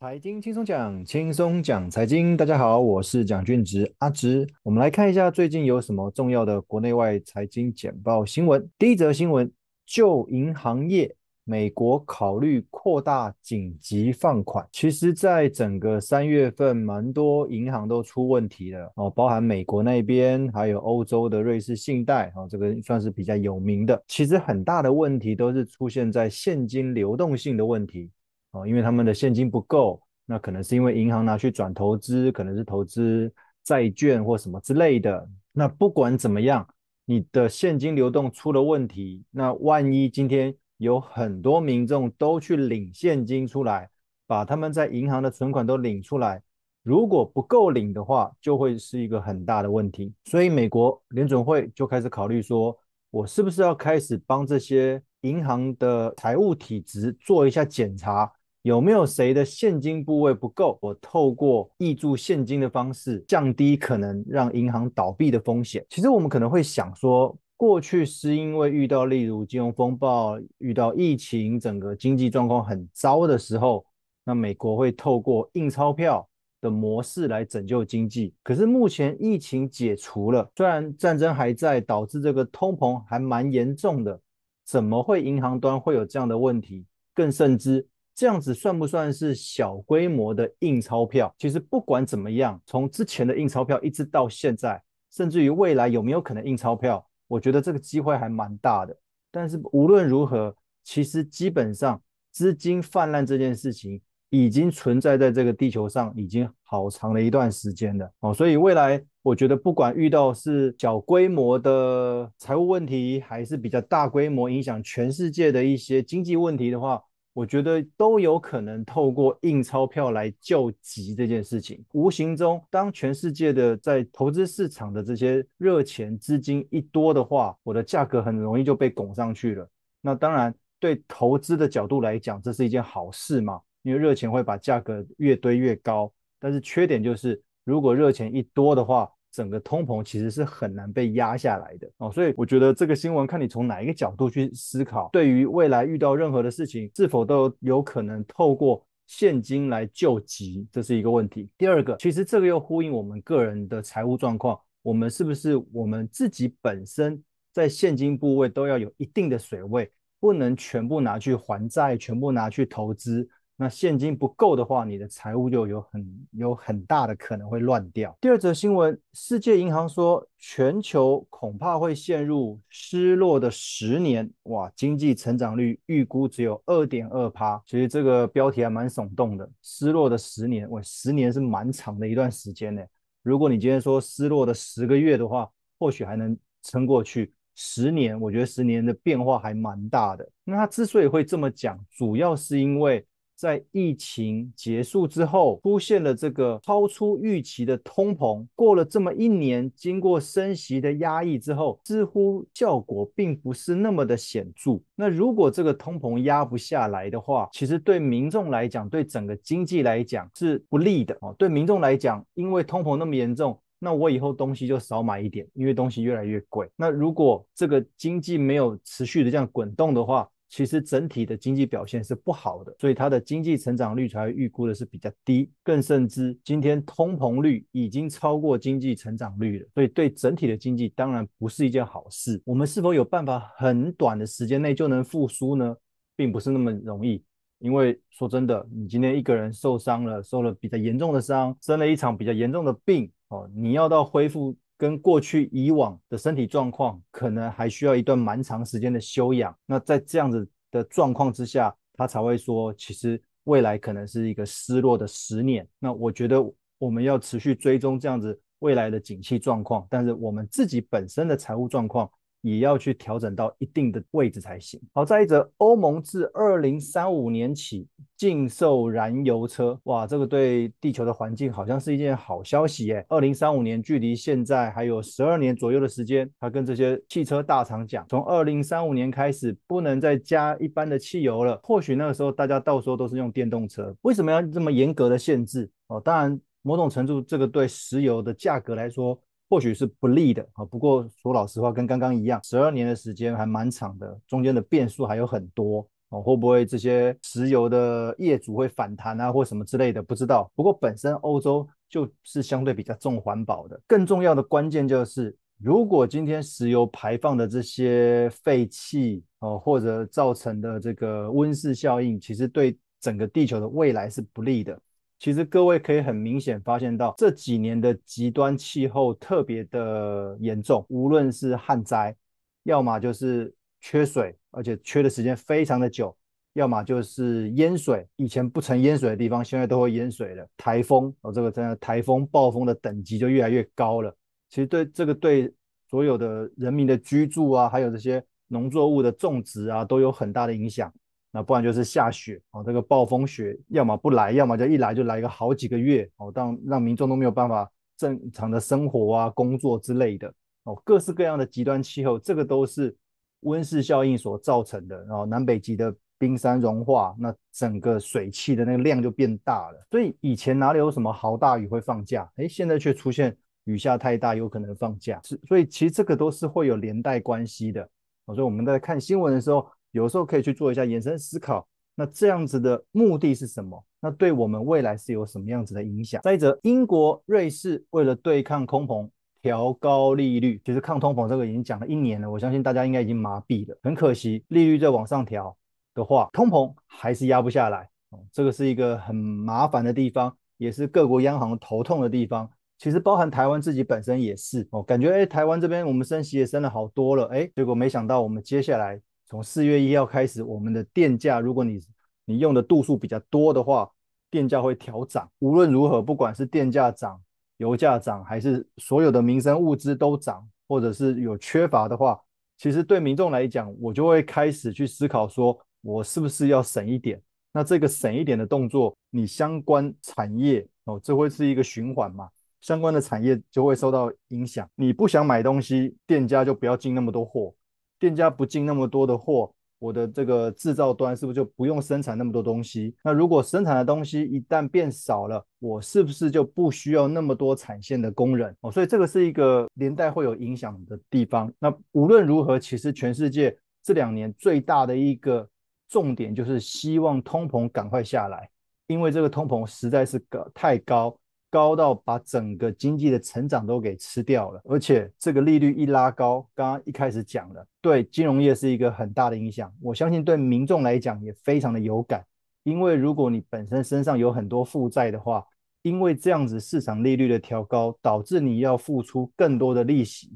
財經輕鬆講，輕鬆講財經。大家好，我是蔣俊植阿植。我們來看一下最近有什麼重要的國內外財經簡報新聞。第一則新聞，救銀行業，美國考慮擴大緊急放款。其實，在整個三月份，蠻多銀行都出問題的哦，包含美國那邊，還有歐洲的瑞士信貸，哈、哦，這個算是比較有名的。其實，很大的問題都是出現在現金流動性的問題。哦，因為他們的現金不夠，那可能是因為銀行拿去轉投資，可能是投資債券或什麼之類的。那不管怎麼樣，你的現金流動出了問題，那萬一今天有很多民眾都去領現金出來，把他們在銀行的存款都領出來，如果不夠領的話，就會是一個很大的問題。所以美國聯準會就開始考慮說，我是不是要開始幫這些銀行的財務體質做一下檢查。有沒有誰的現金部位不夠？我透過挹注現金的方式降低可能讓銀行倒閉的風險。其實我們可能會想說，過去是因為遇到例如金融風暴、遇到疫情，整個經濟狀況很糟的時候，那美國會透過印鈔票的模式來拯救經濟。可是目前疫情解除了，雖然戰爭還在，導致這個通膨還蠻嚴重的，怎麼會銀行端會有這樣的問題？更甚至。這樣子算不算是小規模的印鈔票？其實不管怎麼樣，從之前的印鈔票一直到現在，甚至於未來有沒有可能印鈔票？我覺得這個機會還蠻大的。但是無論如何，其實基本上資金氾濫這件事情已經存在在這個地球上已經好長了一段時間了。哦，所以未來我覺得不管遇到是小規模的財務問題，還是比較大規模影響全世界的一些經濟問題的話。我覺得都有可能透過印鈔票來救急這件事情，無形中，當全世界的在投資市場的這些熱錢資金一多的話，我的價格很容易就被拱上去了。那當然，對投資的角度來講，這是一件好事嘛，因為熱錢會把價格越堆越高。但是缺點就是，如果熱錢一多的話，整個通膨其實是很難被壓下來的哦，所以我覺得這個新聞看你從哪一個角度去思考，對於未來遇到任何的事情，是否都有可能透過現金來救急，這是一個問題。第二個，其實這個又呼應我們個人的財務狀況，我們是不是我們自己本身在現金部位都要有一定的水位，不能全部拿去還債，全部拿去投資。那現金不夠的話，你的財務就有很有很大的可能會亂掉。第二則新聞，世界銀行說，全球恐怕會陷入失落的十年，哇，經濟成長率預估只有二點二趴，其實這個標題還蠻聳動的。失落的十年，哇，十年是蠻長的一段時間呢、欸。如果你今天說失落的十個月的話，或許還能撐過去。十年，我覺得十年的變化還蠻大的。那他之所以會這麼講，主要是因為。在疫情結束之後，出現了這個超出預期的通膨。過了這麼一年，經過升息的壓抑之後，似乎效果並不是那麼的顯著。那如果這個通膨壓不下來的話，其實對民眾來講，對整個經濟來講是不利的哦。對民眾來講，因為通膨那麼嚴重，那我以後東西就少買一點，因為東西越來越貴。那如果這個經濟沒有持續的這樣滾動的話，其實整體的經濟表現是不好的，所以它的經濟成長率才預估的是比較低，更甚至今天通膨率已經超過經濟成長率了，所以對整體的經濟當然不是一件好事。我們是否有辦法很短的時間內就能復甦呢？並不是那麼容易，因為說真的，你今天一個人受傷了，受了比較嚴重的傷，生了一場比較嚴重的病，哦，你要到恢復。跟過去以往的身體狀況，可能還需要一段蠻長時間的休養。那在這樣子的狀況之下，他才會說，其實未來可能是一個失落的十年。那我覺得我們要持續追蹤這樣子未來的景氣狀況，但是我們自己本身的財務狀況。也要去調整到一定的位置才行。好，再者，歐盟自二零三五年起禁售燃油車，哇，這個對地球的環境好像是一件好消息耶。二零三五年距離現在還有十二年左右的時間，他跟這些汽車大廠講，從二零三五年開始不能再加一般的汽油了。或許那個時候大家到時候都是用電動車。為什麼要這麼嚴格的限制？哦，當然，某種程度這個對石油的價格來說。或許是不利的啊，不過說老實話，跟剛剛一樣，十二年的時間還蠻長的，中間的變數還有很多哦。會不會這些石油的業主會反彈啊，或什麼之類的，不知道。不過本身歐洲就是相對比較重環保的，更重要的關鍵就是，如果今天石油排放的這些廢氣哦，或者造成的這個溫室效應，其實對整個地球的未來是不利的。其實各位可以很明顯發現到，這幾年的極端氣候特別的嚴重，無論是旱災，要麼就是缺水，而且缺的時間非常的久；要麼就是淹水，以前不曾淹水的地方，現在都會淹水了。颱風，我、哦、這個真的颱風、暴風的等級就越來越高了。其實對這個對所有的人民的居住啊，還有這些農作物的種植啊，都有很大的影響。那不然就是下雪哦，這個暴風雪，要麼不來，要麼就一來就來個好幾個月哦，讓讓民眾都沒有辦法正常的生活啊、工作之類的哦。各式各樣的極端氣候，這個都是溫室效應所造成的。然後、哦、南北極的冰山融化，那整個水汽的那個量就變大了，所以以前哪裡有什麼豪大雨會放假，哎，現在卻出現雨下太大有可能放假，是所以其實這個都是會有連帶關係的。哦、所以我們在看新聞的時候。有時候可以去做一下延伸思考，那這樣子的目的是什麼？那對我們未來是有什麼樣子的影響？再者，英國、瑞士為了對抗通膨，調高利率，其實抗通膨這個已經講了一年了，我相信大家應該已經麻痹了。很可惜，利率在往上調的話，通膨還是壓不下來。哦，這個是一個很麻煩的地方，也是各國央行頭痛的地方。其實包含台灣自己本身也是哦，感覺誒、欸，台灣這邊我們升息也升了好多了，哎、欸，結果沒想到我們接下來。從四月一號開始，我們的電價，如果你你用的度數比較多的話，電價會調漲。無論如何，不管是電價漲、油價漲，還是所有的民生物資都漲，或者是有缺乏的話，其實對民眾來講，我就會開始去思考說，我是不是要省一點？那這個省一點的動作，你相關產業哦，這會是一個循環嘛？相關的產業就會受到影響。你不想買東西，店家就不要進那麼多貨。店家不進那麼多的貨，我的這個製造端是不是就不用生產那麼多東西？那如果生產的東西一旦變少了，我是不是就不需要那麼多產線的工人？哦，所以這個是一個連帶會有影響的地方。那無論如何，其實全世界這兩年最大的一個重點就是希望通膨趕快下來，因為這個通膨實在是個太高。高到把整個經濟的成長都給吃掉了，而且這個利率一拉高，剛剛一開始講了，對金融業是一個很大的影響。我相信對民眾來講也非常的有感，因為如果你本身身上有很多負債的話，因為這樣子市場利率的調高，導致你要付出更多的利息，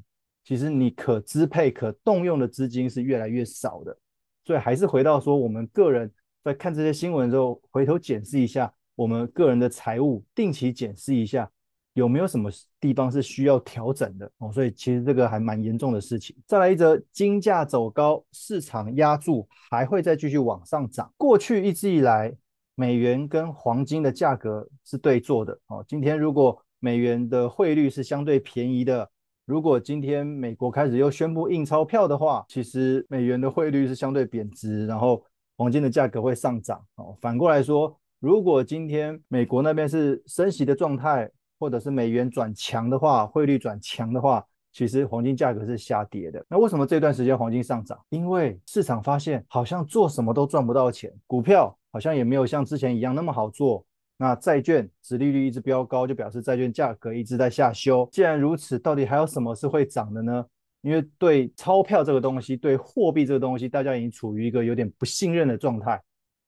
其實你可支配、可動用的資金是越來越少的。所以還是回到說，我們個人在看這些新聞之後，回頭檢視一下。我們個人的財務定期檢視一下，有沒有什麼地方是需要調整的哦？所以其實這個還蠻嚴重的事情。再來一則，金價走高，市場押注，還會再繼續往上漲。過去一直以來，美元跟黃金的價格是對做的哦。今天如果美元的匯率是相對便宜的，如果今天美國開始又宣布印鈔票的話，其實美元的匯率是相對貶值，然後黃金的價格會上漲哦。反過來說。如果今天美國那邊是升息的狀態，或者是美元轉強的話，匯率轉強的話，其實黃金價格是下跌的。那為什麼這段時間黃金上漲？因為市場發現好像做什麼都賺不到錢，股票好像也沒有像之前一樣那麼好做。那債券殖利率一直飆高，就表示債券價格一直在下修。既然如此，到底還有什麼是會漲的呢？因為對鈔票這個東西，對貨幣這個東西，大家已經處於一個有點不信任的狀態。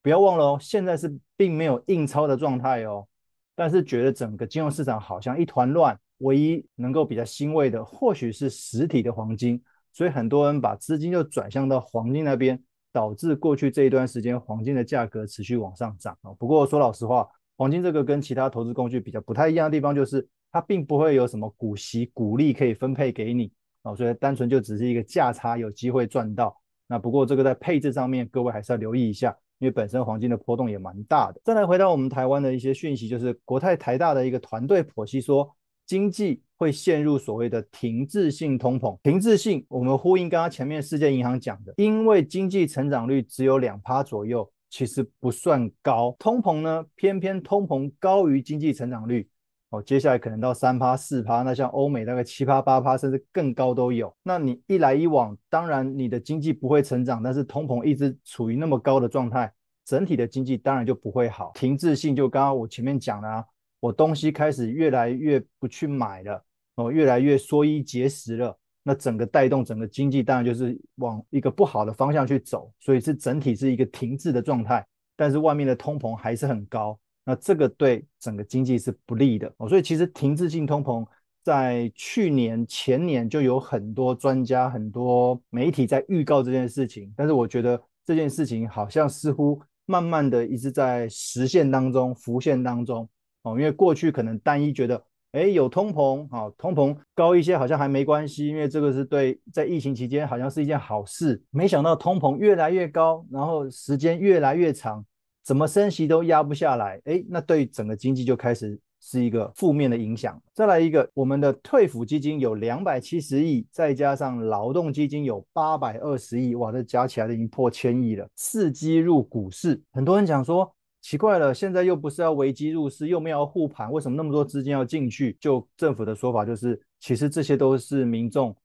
不要忘了哦，現在是並沒有印鈔的狀態哦，但是覺得整個金融市場好像一團亂，唯一能夠比較欣慰的，或許是實體的黃金，所以很多人把資金就轉向到黃金那邊，導致過去這一段時間黃金的價格持續往上漲哦。不過說老實話，黃金這個跟其他投資工具比較不太一樣的地方，就是它並不會有什麼股息、股利可以分配給你哦，所以單純就只是一個價差有機會賺到。那不過這個在配置上面，各位還是要留意一下。因為本身黃金的波動也蠻大的，再來回到我們台灣的一些訊息，就是國泰台大的一個團隊剖析說，經濟會陷入所謂的停滯性通膨。停滯性，我們呼應剛剛前面世界銀行講的，因為經濟成長率只有兩趴左右，其實不算高。通膨呢，偏偏通膨高於經濟成長率。哦，接下來可能到三趴、四趴，那像歐美大概七趴、八趴，甚至更高都有。那你一來一往，當然你的經濟不會成長，但是通膨一直處於那麼高的狀態，整體的經濟當然就不會好。停滯性就剛剛我前面講的啊，我東西開始越來越不去買了，哦，越來越縮衣節食了，那整個帶動整個經濟當然就是往一個不好的方向去走，所以是整體是一個停滯的狀態，但是外面的通膨還是很高。那這個對整個經濟是不利的哦、喔，所以其實停滯性通膨在去年前年就有很多專家、很多媒體在預告這件事情，但是我覺得這件事情好像似乎慢慢的一直在實現當中、浮現當中哦、喔，因為過去可能單一覺得、欸，誒有通膨，哦，通膨高一些好像還沒關係，因為這個是對在疫情期間好像是一件好事，沒想到通膨越來越高，然後時間越來越長。怎麼升息都壓不下來，哎，那對整個經濟就開始是一個負面的影響。再來一個，我們的退撫基金有兩百七十億，再加上勞動基金有八百二十億，哇，這加起來已經破千億了，伺機入股市。很多人講說奇怪了，現在又不是要危機入市，又沒有要護盤，為什麼那麼多資金要進去？就政府的說法就是，其實這些都是民眾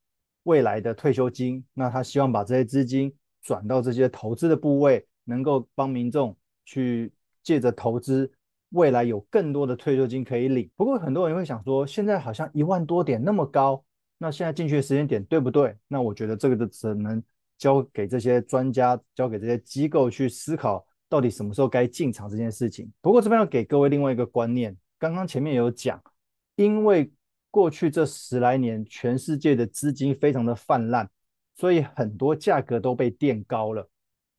未來的退休金，那他希望把這些資金轉到這些投資的部位，能夠幫民眾。去借着投資，未來有更多的退休金可以領。不過很多人會想說，現在好像一萬多點那麼高，那現在進去的時間點對不對？那我覺得這個就只能交給這些專家，交給這些機構去思考，到底什麼時候該進場這件事情。不過這邊要給各位另外一個觀念，剛剛前面有講，因為過去這十來年，全世界的資金非常的泛濫，所以很多價格都被墊高了。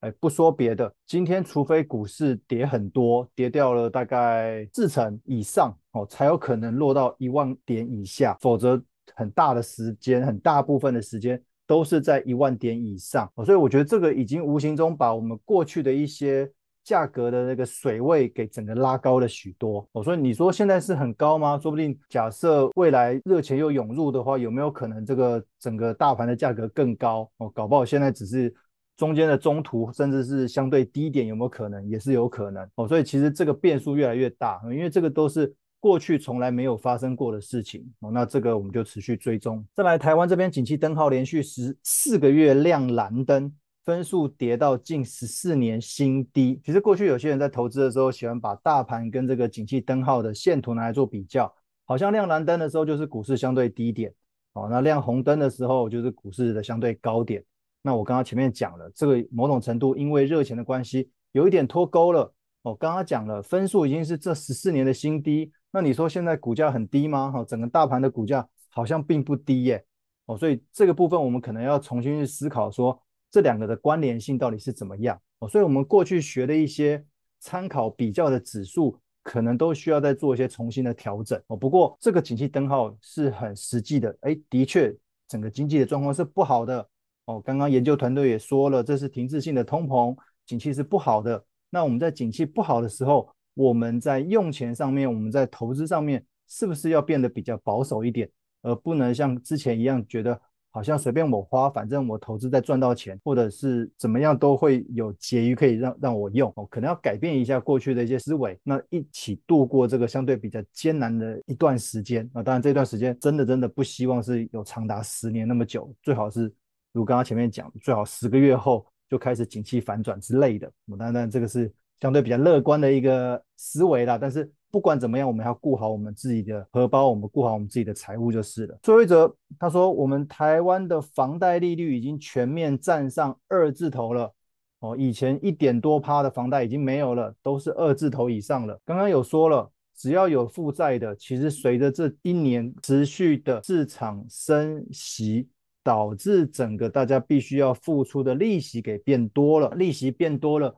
哎，不說別的，今天除非股市跌很多，跌掉了大概四成以上哦，才有可能落到一萬點以下。否則，很大的時間，很大部分的時間都是在一萬點以上。哦，所以，我覺得這個已經無形中把我們過去的一些價格的那個水位給整個拉高了許多。哦，所以你說現在是很高嗎？說不定假設未來熱錢又湧入的話，有沒有可能這個整個大盤的價格更高？哦，搞不好現在只是。中間的中途，甚至是相對低點，有沒有可能？也是有可能哦。所以其實這個變數越來越大，嗯，因為這個都是過去從來沒有發生過的事情哦。那這個我們就持續追蹤。再來，台灣這邊景氣燈號連續十四個月亮藍燈，分數跌到近十四年新低。其實過去有些人在投資的時候，喜歡把大盤跟這個景氣燈號的線圖拿來做比較，好像亮藍燈的時候就是股市相對低點哦，那亮紅燈的時候就是股市的相對高點。那我剛剛前面講了，這個某種程度，因為熱錢的關係，有一點脫鈎了哦。剛剛講了，分數已經是這十四年的新低。那你說現在股價很低嗎？哈、哦，整個大盤的股價好像並不低耶。哦，所以這個部分我們可能要重新去思考說，說這兩個的關聯性到底是怎麼樣。哦，所以我們過去學的一些參考比較的指數，可能都需要再做一些重新的調整。哦，不過這個景氣燈號是很實際的，哎，的確整個經濟的狀況是不好的。哦，剛剛研究團隊也說了，這是停滯性的通膨，景氣是不好的。那我們在景氣不好的時候，我們在用錢上面，我們在投資上面，是不是要變得比較保守一點，而不能像之前一樣覺得好像隨便我花，反正我投資再賺到錢，或者是怎麼樣都會有結餘可以讓讓我用。哦，可能要改變一下過去的一些思維，那一起度過這個相對比較艱難的一段時間。啊、哦，當然這段時間真的真的不希望是有長達十年那麼久，最好是。如剛剛前面講，最好十個月後就開始景氣反轉之類的，當然，但這個是相對比較樂觀的一個思維啦。但是不管怎麼樣，我們要顧好我們自己的荷包，我們顧好我們自己的財務就是了。最後一則他說，我們台灣的房貸利率已經全面站上二字頭了，哦，以前一點多趴的房貸已經沒有了，都是二字頭以上了。剛剛有說了，只要有負債的，其實隨着這一年持續的市場升息。導致整個大家必須要付出的利息給變多了，利息變多了，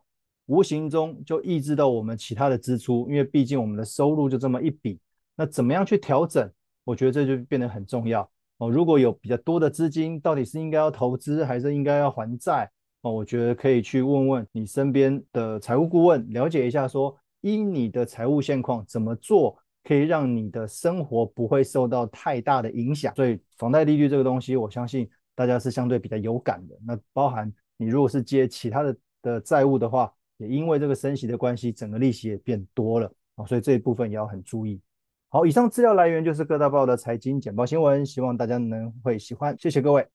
無形中就抑制到我們其他的支出，因為畢竟我們的收入就這麼一筆，那怎麼樣去調整？我覺得這就變得很重要哦。如果有比較多的資金，到底是應該要投資還是應該要還債？哦，我覺得可以去問問你身邊的財務顧問，了解一下說，依你的財務現況怎麼做。可以讓你的生活不會受到太大的影響，所以房貸利率這個東西，我相信大家是相對比較有感的。那包含你如果是借其他的的債務的話，也因為這個升息的關係，整個利息也變多了啊、哦，所以這一部分也要很注意。好，以上資料來源就是各大報的財經簡報新聞，希望大家能會喜歡，謝謝各位。